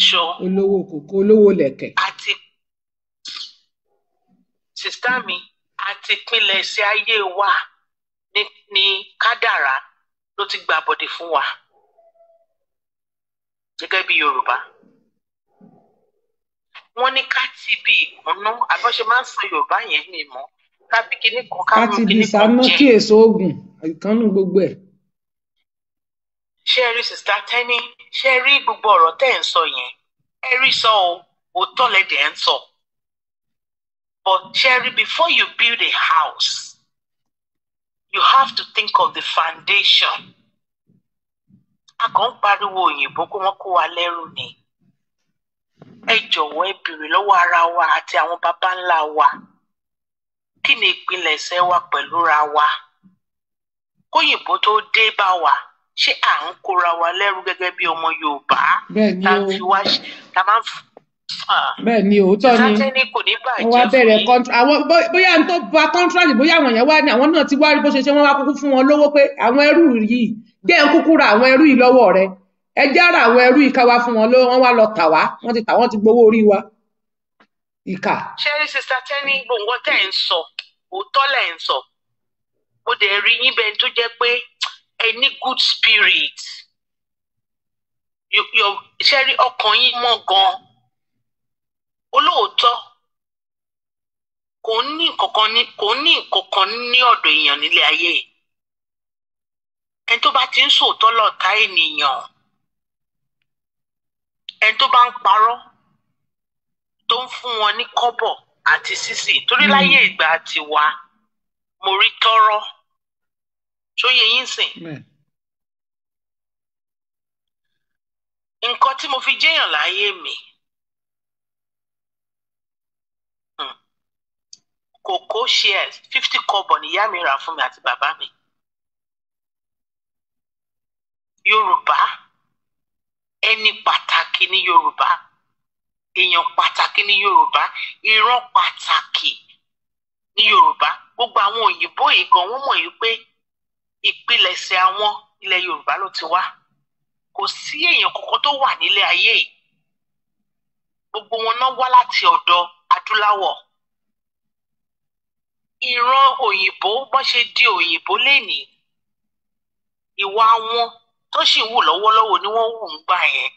aṣọ. olówó kòkó olówó lẹ̀kẹ̀. àti sista mi àti ìpínlẹ̀ ẹ̀sẹ̀ ayé wa ní ní kádàrá ló ti gba àbọ̀dé fún wa gẹ́gẹ́ bí Yorùbá wọ́n ní ká ti bi ìkùnú àbọ̀ṣe máa ń sọ Yorùbá yẹn ní ìmọ̀ ká bi kíní kan ká mú kíní kan jẹ. ká ti bi sáná kí èso oògùn ìkànnì gbogbo ẹ̀. ṣé ẹ rí sista tẹ́ni ṣe rí gbogbo ọ̀rọ̀ tẹ́ ẹ̀ ń sọ yẹn ẹ rí sọ o òótọ́ lẹ́dẹ̀ ẹ̀ ń sọ. but ṣe rí before you build a house you have to think of the foundation. a kàn ń pariwo òyìnbó kó wọ́n kó wa lẹ́rù ni. ẹ jọ̀wọ́ ẹ bèrè lọ́wọ́ ara wa àti àwọn baba ńlá wa kí ni ìpilẹ̀ṣẹ̀ wa pẹ̀lúra wa kóyìnbó tó dé bá wa ṣé à ń kóra wa lẹ́rú gẹ́gẹ́ bí ọmọ yorùbá tá wá tá a máa ń bẹ́ẹ̀ ni òótọ́ ni wọ́n wá bẹ̀rẹ̀ àwọn bóyá n tó ba kọńtírátì bóyá àwọn yẹn wá ní àwọn náà ti wá rí bó ṣe ṣe wọ́n wá kúkú fún wọn lówó pé àwọn ẹrú yìí jẹ́ ń kúkú ra àwọn ẹrú yìí lọ́wọ́ rẹ ẹ jára àwọn ẹrú yìí ká wá fún wọn lówó wọ́n wá lọ tà wá wọ́n ti tà wọ́n ti gbowó orí wa ìkà. ṣé sista tẹ́ni gbòǹgbò tẹ́ ẹ̀ ń sọ òótọ́ lẹ̀ ń sọ mo dẹ̀ rí yín bẹ́ẹ̀ tó jẹ́ pé ẹ good spirit ṣe rí ọkàn yín mọ́ gan olóòótọ́ kò ní nǹkankan ní kò ní nǹkankan ní ọ̀dọ̀ èèyàn nílé ayé ẹni tó bá ti ń sòótọ́ lọ̀tá ènìyàn ẹni tó bá ń parọ́ tó ń fún wọn ní kọ́bọ̀ àti sísì torí hmm. láyé ìgbà tiwa mo rí tọ́rọ́ tó yẹ yín sìn. Mm. nǹkan tí mo fi jẹ́yàn láyé mi hmm. kòkó shares fifty kọ́bọ̀ ni ìyá mi rà fún mi àti bàbá mi yorùbá ẹni pàtàkì ní yorùbá èèyàn pàtàkì ní yorùbá ìran pàtàkì ní yorùbá gbogbo àwọn òyìnbó yìí gan wọ́n mọ̀ yìí pé ìpilẹ̀ṣẹ̀ àwọn ilẹ̀ yorùbá ló ti wá kò sí èèyàn kankan tó wà nílé ayé yìí gbogbo wọn náà wá láti ọ̀dọ̀ adúláwọ̀ ìran òyìnbó bọ́n ṣe di òyìnbó lénìí ìwà wọn tó sì wù lọ́wọ́lọ́wọ́ ni wọ́n wù ń gbà yẹn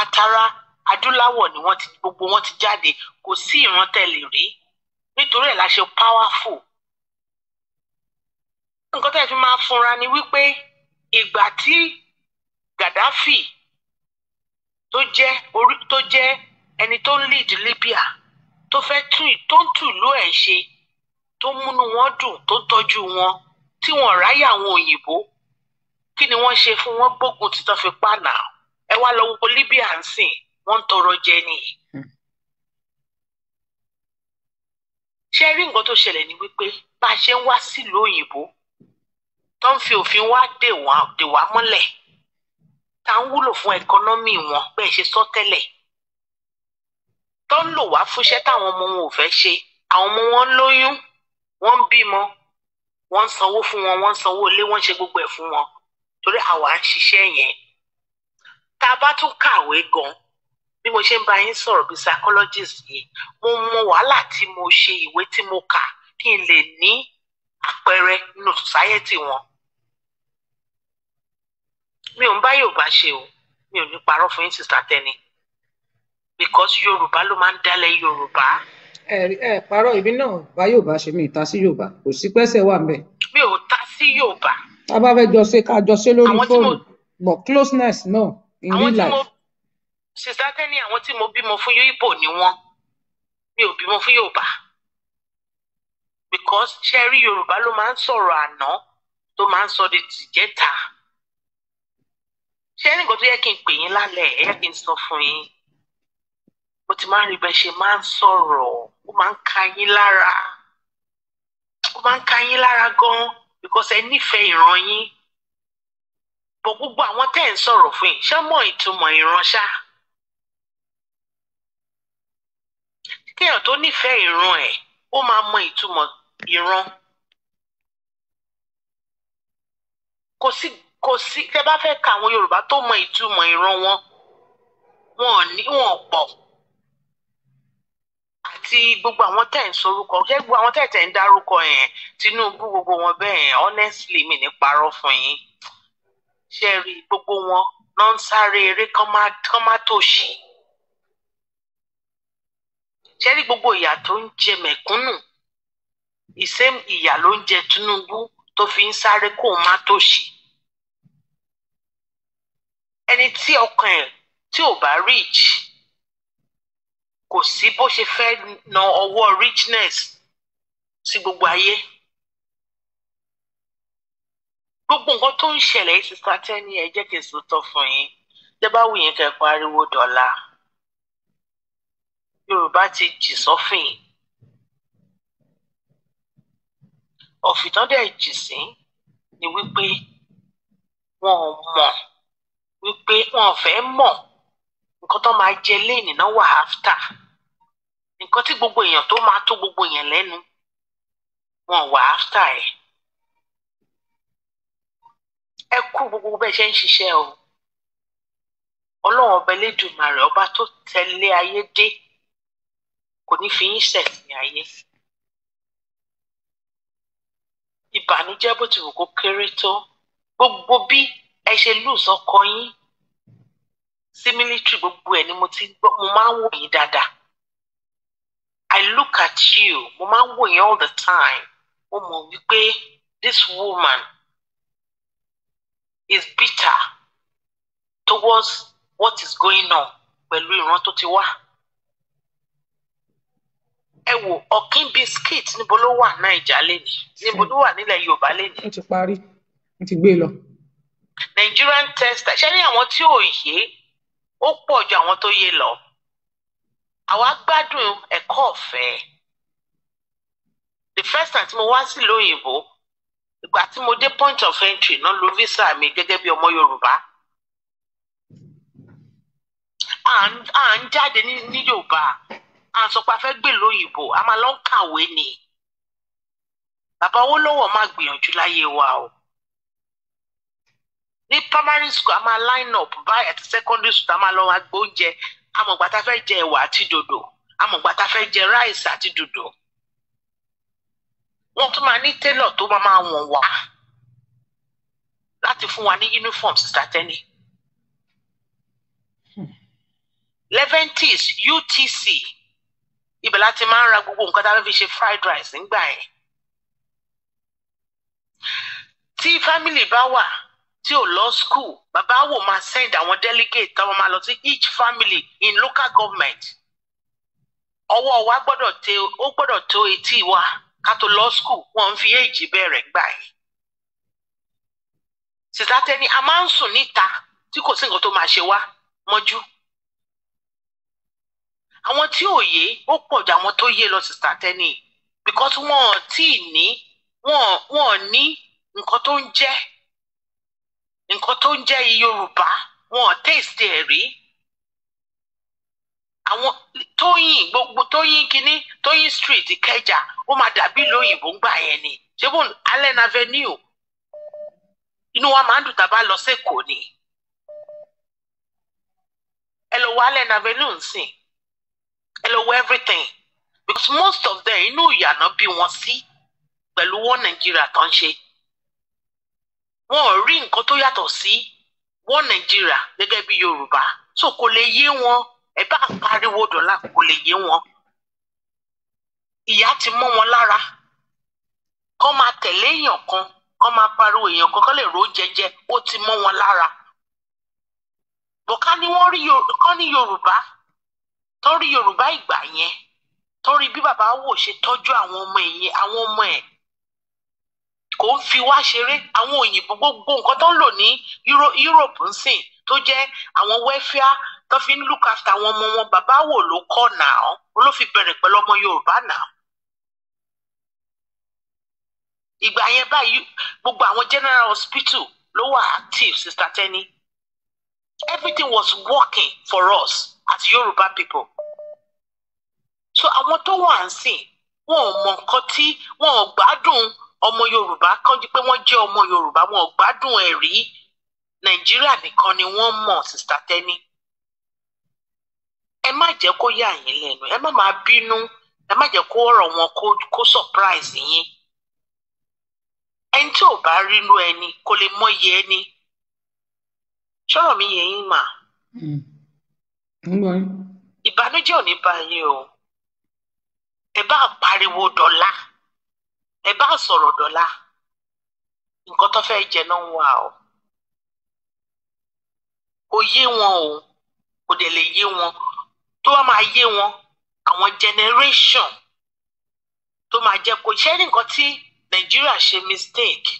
atara adúláwọ̀ ni wọ́n ti gbogbo wọn ti jáde kò sí ìran tẹ̀lé rí nítorí ẹ̀ la ṣe powerful nǹkan tẹ̀ fi máa funra ni wípé ìgbà tí gaddafi tó jẹ́ orí tó jẹ́ ẹni tó ń lead libya tó fẹ́ tún tó ń tùlú ẹ̀ ṣe tó múnú wọn dùn tó tọ́jú wọn tí wọn ráyà àwọn òyìnbó kí ni wọ́n ṣe fún wọn gbógun tí tán fi pa náà ẹ wá lọ wo libya ń sìn wọ́n ń tọrọ jẹ nìyí. ṣé rí nǹkan tó ṣẹlẹ̀ ni wípé bá a ṣe ń wá sílùú òyìnbó tó ń fi òfin wá dè wá mọ́lẹ̀ tá ń wúlò fún ẹkọnọ́mì wọn bẹ́ẹ̀ ṣe sọ tẹ́lẹ̀ tó ń lò wá fúnṣẹ́ táwọn ọmọ wọn ò fẹ́ ṣe àwọn ọmọ wọn ń lóyún wọ́n ń bímọ wọ́n ń sanwó fún wọn wọ́n ń sanwó ilé wọ́n ń ṣe gbogbo ẹ̀ fún wọn torí àwa ń ṣiṣẹ́ yẹn tá a bá tún kàwé gan bí mo ṣe ń bá yín sọ̀rọ̀ bí psychologist yìí mo mọ wàhálà tí mo ṣe ìwé tí mo kà kí n lè ní àpẹẹrẹ nínú society wọn mi ò ń bá yorùbá ṣe o mi ò ní parọ́ fún yín sister tẹ́ni because yorùbá ló máa ń dálẹ̀ yorùbá. ẹ ẹ parọ́ ibi náà bá yorùbá ṣe mi ìta sí yorùbá kò sí pẹ́sẹ̀ wà ńbẹ̀. mi ò ta sí yorùbá. tá a bá fẹ́ jọ ṣe ká jọ ṣe lórí fóònù but closeness no in real life. sister tẹ́ni àwọn tí mo bímọ fún yóò ibo ni wọ́n mi ò bímọ fún yorùbá because ṣẹ́rí yorùbá ló máa ń sọ̀rọ̀ àná tó máa ń sọ di tìjẹ́ta ṣé nǹkan tó yẹ kí n pè yín lálẹ́ ẹ yẹ kí n sọ fún yín mo ti máa ń rí ṣe máa ń sọ̀rọ̀ ó máa ń ka yín lára ó máa ń ka yín lára gan because ẹ nífẹ̀ẹ́ ìran yín bọ̀ gbogbo àwọn tẹ́ ẹ̀ ń sọ̀rọ̀ fún yín ṣé mọ̀ ìtumọ̀ ìran ṣá kéèyàn tó nífẹ̀ẹ́ ìran ẹ̀ ó máa mọ ìtumọ̀ ìran kò sí kò sí tẹ bá fẹ́ ka àwọn Yorùbá tó mọ ìtumọ̀ ìran wọn wọn ò ní wọn pọ̀ àti gbogbo àwọn tẹ̀ ń sorúkọ ṣé gbogbo àwọn tẹ̀ tẹ̀ ń dárúkọ yẹn Tinubu gbogbo wọn bẹ́ẹ̀ honestly mi ní parọ́ fún yín ṣe rí gbogbo wọn náà ń eré kán má tó ṣì ṣẹ́rí gbogbo ìyà tó ń jẹ mẹ̀kúnnù ìṣe ìyà ló ń jẹ Tinubu tó fi ń sáré kó má tòṣì ẹni tí ọkàn ẹ̀ tí ò bá rich kò sí bó ṣe fẹ́ na ọwọ́ richness sí gbogbo ayé gbogbo nǹkan tó ń ṣẹlẹ̀ yìí sísá tẹ́ni ẹ jẹ́ kí n sòtọ́ fún yín tẹ́ bá wù yín kẹ́ pariwo dọ̀la yorùbá ti jì sọ́fìn ọ̀fìtàn dẹ̀ jì sí ni wípé wọn ò mọ̀ wípé wọn ò fẹ́ mọ̀ nǹkan tó máa jẹ léènì náà wà áfítà nǹkan tí gbogbo èèyàn tó máa tó gbogbo èèyàn lẹ́nu wọn wà áfítà ẹ̀ ẹ kú gbogbo bẹ́ẹ̀ ṣe ń ṣiṣẹ́ o ọlọ́run ọba elédùnmarè ọba tó tẹ̀lé ayé dé kò ní fi yín ṣẹ̀sìn ayé ìbànújẹ́ bó ti wù kó kéré tó gbogbo bí ẹ ṣe lùsọ kọ yín sí mílítírì gbogbo ẹ̀ ni mo ti gbọ́ mo máa ń wò yín dáadáa I look at you mo máa ń wò yín all the time mo mọ̀ wípé this woman is bitter towards what is going on pẹ̀lú ìran tó ti wá ẹ wò ọ̀kín biscuit níbo ló wà Naija lẹ́ni níbo ló wà nílẹ̀ Yorùbá lẹ́ni. ó ti parí ó ti gbé e lọ. Nigerian tester ṣé ní àwọn tí ò yé ó pọ̀ ju àwọn tó yé lọ àwa gbádùn ẹ̀kọ́ ọ̀fẹ́ the first time tí mo wá sí lóyìnbó ìgbà tí mo dé point of entry náà lo visa mi gẹ́gẹ́ bí ọmọ Yorùbá à ń jáde ní Yorùbá à ń sọ pé a fẹ́ gbè lóyìnbó a máa lọ ń kàwé ni bàbá owó lọ́wọ́ máa gbìyànjú láyé wa o ní primary school a máa line up báyìí àti secondary school a máa lọ wá gbóúnjẹ amọ̀gbà tá fẹ́ jẹ ẹ̀wà àti dòdò amọ̀gbà tá fẹ́ jẹ ráìsì àti dòdò wọ́n tún máa ní tailor tó máa máa wọ̀n wá láti fún wa ní uniform sista tẹ́ni. Hmm. Leventis UTC ibẹ̀ láti máa ń ra gbogbo nǹkan tá a fi ṣe fried rice nígbà yẹn tí family bá wà tí ò lọ school bàbá wò máa send àwọn delegate táwọn máa lọ sí each family in local government ọwọ́ wa gbọ́dọ̀ tẹ ó gbọ́dọ̀ tó etí wa ká tó lọ school wọ́n ń fi èjì bẹ̀rẹ̀ gbà yìí sísá tẹni a máa ń sùn níta tí kò sí nǹkan tó máa ṣe wá mọ́jú àwọn tí ò yé ó pọ̀ ju àwọn tó yé lọ sista Teni because wọn ò tí ì ní wọn ò ní nǹkan tó ń jẹ́ nǹkan tó ń jẹ́ Yorùbá wọn ò taste ẹ̀ rí àwọn tóyìn gbogbo tóyìn kínní tóyìn street kẹjà ó máa dàbí lóyìnbó ń gbà yẹn ni ṣé allen avenue inú wa máa ń dùn tá a bá lọ ni ẹ lọ wọ allen avenue ń sìn Hello, everything because most of them you inú ìyànà bí wọn sí pẹ̀lú wọ́n nàìjíríà tó ń ṣe wọn ò rí nǹkan tó yàtọ̀ sí wọ́n nàìjíríà gẹ́gẹ́ bí yorùbá so kò lè yé wọn ẹ bá pariwo dọ̀là kò lè yé wọn ìyà ti mọ́ wọn lára kọ́ máa tẹ̀lé èèyàn kan kọ́ máa pariwo èèyàn kan kọ́ lè ró jẹjẹ ó ti mọ́ wọn lára bọ̀ká ni wọ́n rí kọ́ ní yorùbá tó rí yorùbá ìgbà yẹn tó rí bí bàbá wò ṣe tọ́jú àwọn ọmọ ẹ̀yìn àwọn ọmọ ẹ̀ kò ń fi wá ṣeré àwọn òyìnbó gbogbo nǹkan tó ń lò ní Europe ń sìn tó jẹ́ àwọn wẹ́fíà tó fi ń look after àwọn ọmọ wọn bàbá wò ló kọ́ náà ló fi bẹ̀rẹ̀ pẹ̀lú ọmọ yorùbá náà ìgbà yẹn báyìí gbogbo àwọn general hospital ló wà active sister Teni everything was working for us as Yoruba people so àwọn tó wà ń sìn wọn ò mọ nǹkan tí wọn ò gbádùn ọmọ Yorùbá kan jí pé wọn jẹ ọmọ Yorùbá wọn ò gbádùn ẹ rí Nàìjíríà nìkan ni wọn mọ sista Tẹni ẹ má jẹ́ kó yà yín lẹ́nu ẹ má máa bínú ẹ má jẹ́ kó ọ̀rọ̀ wọn kó kó surprise yín ẹni tí ò bá rínú ẹni kò lè mọ iye ẹni ṣọ́rọ̀ mi yẹ yín mà. Mm. ìbànújẹ́ ò ní bá yín o ẹ bá pariwo dọ́là ẹ bá sọ̀rọ̀ dọ́là nǹkan tó fẹ́ jẹ náà ń wà o kò yé wọn o kò dẹ̀ lè yé wọn tó wá máa yé wọn àwọn generation tó máa jẹ kó ṣe nǹkan tí nàìjíríà ṣe mistake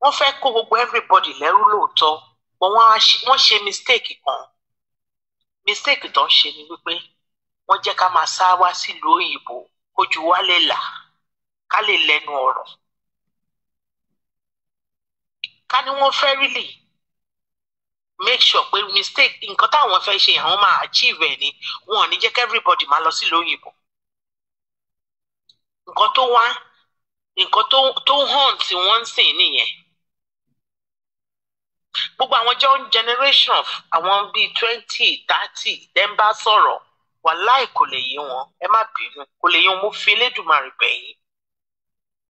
wọ́n fẹ́ kó gbogbo everybody lẹ́rú lóòótọ́ but wọ́n ṣe mistake kan mistake tó ń ṣe ni wípé wọ́n jẹ́ ká máa sá wá sílùú òyìnbó kójú wa lè là ká lè lẹ́nu ọ̀rọ̀ ká ní wọ́n fẹ́ rílì make sure pé mistake nǹkan táwọn fẹ́ ṣe àwọn máa achieve ẹ̀ ni wọn ò ní jẹ́ kí everybody máa lọ sílùú òyìnbó nǹkan tó wá nǹkan tó hàn tí wọ́n ń sìn nìyẹn gbogbo àwọn jọ generation àwọn bíi twenty thirty dem bá sọ̀rọ̀ wàláì kò lè yé wọn ẹ má bínú kò lè yé wọn mo fi Elédùmarè bẹ̀